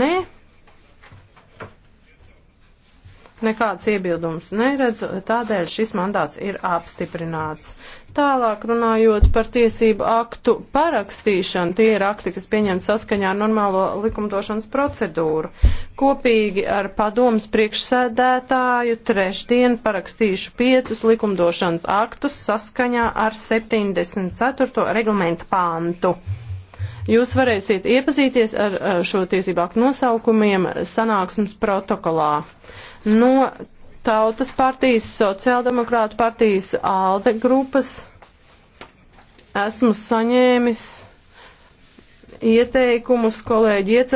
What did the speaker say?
Nē. Nekādas iebildumas neredzu, tādēļ šis mandāts ir apstiprināts. Tālāk runājot par tiesību aktu parakstīšanu, tie ir akti, kas pieņemti saskaņā ar normālo likumdošanas procedūru. Kopīgi ar padomas priekšsēdētāju trešdien parakstīšu piecus likumdošanas aktus saskaņā ar 74. reglamenta pāntu. Jūs varēsiet iepazīties ar šo tiesību aktu nosaukumiem sanāksmes protokolā. No Tautas partijas, Sociāldemokrātu partijas, ALDE grupas esmu saņēmis ieteikumus kolēģi iecelt.